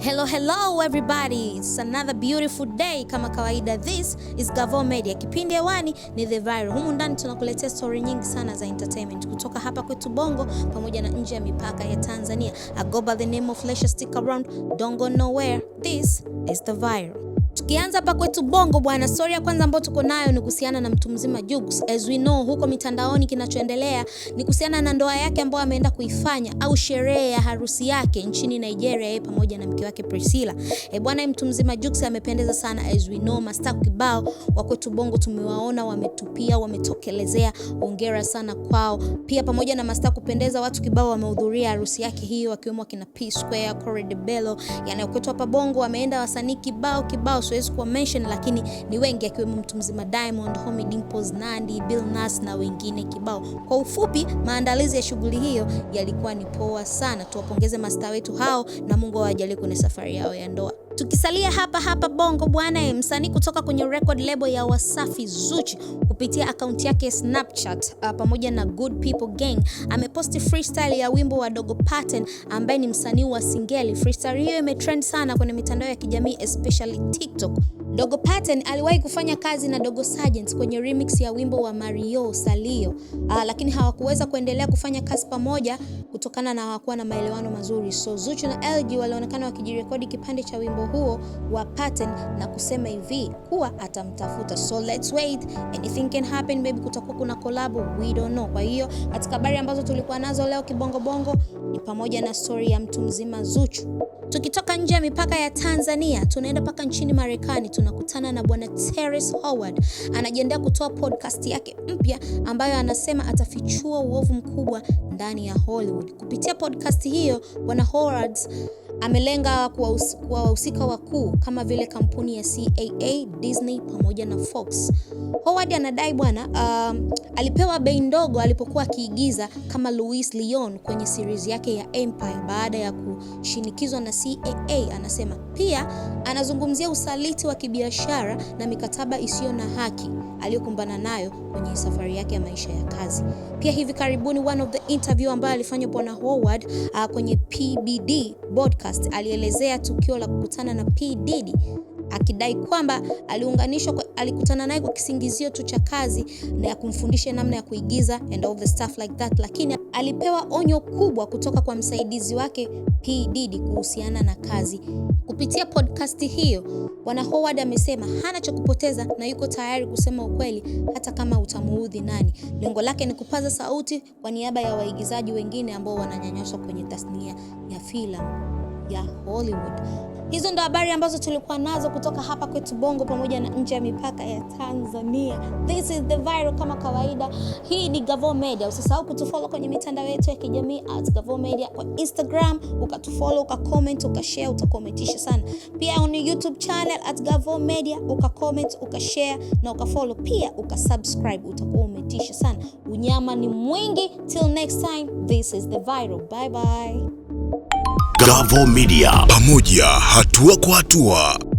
Hello, hello everybody. It's another beautiful day kama kawaida. This is Gavo Media. Kipindi hewani ni The Viral. Humu ndani tunakuletea story nyingi sana za entertainment kutoka hapa kwetu Bongo pamoja na nje ya mipaka ya Tanzania. I go by the name of Lesha. Stick around. Don't go nowhere. This is The Viral. Tukianza hapa kwetu Bongo bwana, story ya kwanza ambayo tuko nayo ni kuhusiana na mtu mzima Jux. As we know, huko mitandaoni kinachoendelea ni kuhusiana na ndoa yake ambayo ameenda kuifanya au sherehe ya harusi yake nchini Nigeria, yeye pamoja na mke wake Priscilla. E bwana, mtu mzima Jux amependeza sana as we know, mastaa kibao wa kwetu Bongo tumewaona wametupia, wametokelezea, hongera sana kwao. Pia pamoja na mastaa kupendeza, watu kibao wamehudhuria harusi yake hiyo, akiwemo kina P Square, Corey DeBello Bello, yaani kwetu hapa Bongo wameenda wasanii kibao kibao, so siwezi kuwa mention, lakini ni wengi akiwemo mtu mzima Diamond, Homie Dimples, Nandi, Bill Nass na wengine kibao. Kwa ufupi, maandalizi ya shughuli hiyo yalikuwa ni poa sana. Tuwapongeze mastaa wetu hao na Mungu awajalie kwenye safari yao ya ndoa. Tukisalia hapa hapa Bongo bwana, eh, msanii kutoka kwenye record label ya Wasafi Zuchu kupitia akaunti yake Snapchat uh, pamoja na Good People Gang ameposti freestyle ya wimbo wa Dogo Pattern ambaye ni msanii wa Singeli. Freestyle hiyo imetrend sana kwenye mitandao ya kijamii especially TikTok. Dogo Paten aliwahi kufanya kazi na Dogo Sergeant kwenye remix ya wimbo wa Mario Salio, uh, lakini hawakuweza kuendelea kufanya kazi pamoja kutokana na hawakuwa na maelewano mazuri. So Zuchu na LG walionekana wakijirekodi kipande cha wimbo huo wa Paten na kusema hivi kuwa atamtafuta. So let's wait, anything can happen, maybe kutakuwa kuna collab, we don't know. Kwa hiyo katika habari ambazo tulikuwa nazo leo kibongo bongo ni pamoja na story ya mtu mzima Zuchu. Tukitoka nje ya mipaka ya Tanzania tunaenda mpaka nchini Marekani tunakutana na bwana Terrence Howard anajiandaa kutoa podcast yake mpya ambayo anasema atafichua uovu mkubwa ndani ya Hollywood. Kupitia podcast hiyo, bwana Howard amelenga wahusika wakuu kama vile kampuni ya CAA, Disney pamoja na Fox. Howard anadai bwana, um, alipewa bei ndogo alipokuwa akiigiza kama louis Leon kwenye series yake ya Empire baada ya ku shinikizwa na CAA, anasema pia anazungumzia usaliti wa kibiashara na mikataba isiyo na haki aliyokumbana nayo kwenye safari yake ya maisha ya kazi. Pia hivi karibuni, one of the interview ambayo alifanywa Bwana Howard uh, kwenye PBD podcast alielezea tukio la kukutana na pdd akidai kwamba aliunganishwa kwa, alikutana naye kwa kisingizio tu cha kazi na ya kumfundisha namna ya kuigiza and all the stuff like that, lakini alipewa onyo kubwa kutoka kwa msaidizi wake P Diddy kuhusiana na kazi. Kupitia podcast hiyo, Bwana Howard amesema hana cha kupoteza na yuko tayari kusema ukweli hata kama utamuudhi nani. Lengo lake ni kupaza sauti kwa niaba ya waigizaji wengine ambao wananyanyaswa kwenye tasnia ya filamu ya Hollywood. Hizo ndo habari ambazo tulikuwa nazo kutoka hapa kwetu Bongo pamoja na nje ya mipaka ya Tanzania. This is the viral kama kawaida. Hii ni Gavo Media. Usisahau kutufollow kwenye mitandao yetu ya kijamii Gavoo Media kwa Instagram, ukatufollow, ukacomment, ukashare, utakomentisha sana. Pia on YouTube channel Gavoo Media, ukacomment, ukashare na ukafollow, pia ukasubscribe, utakuwa umetisha sana. Unyama ni mwingi. Till next time, this is the viral. Bye bye. Gavoo Media, pamoja hatua kwa hatua.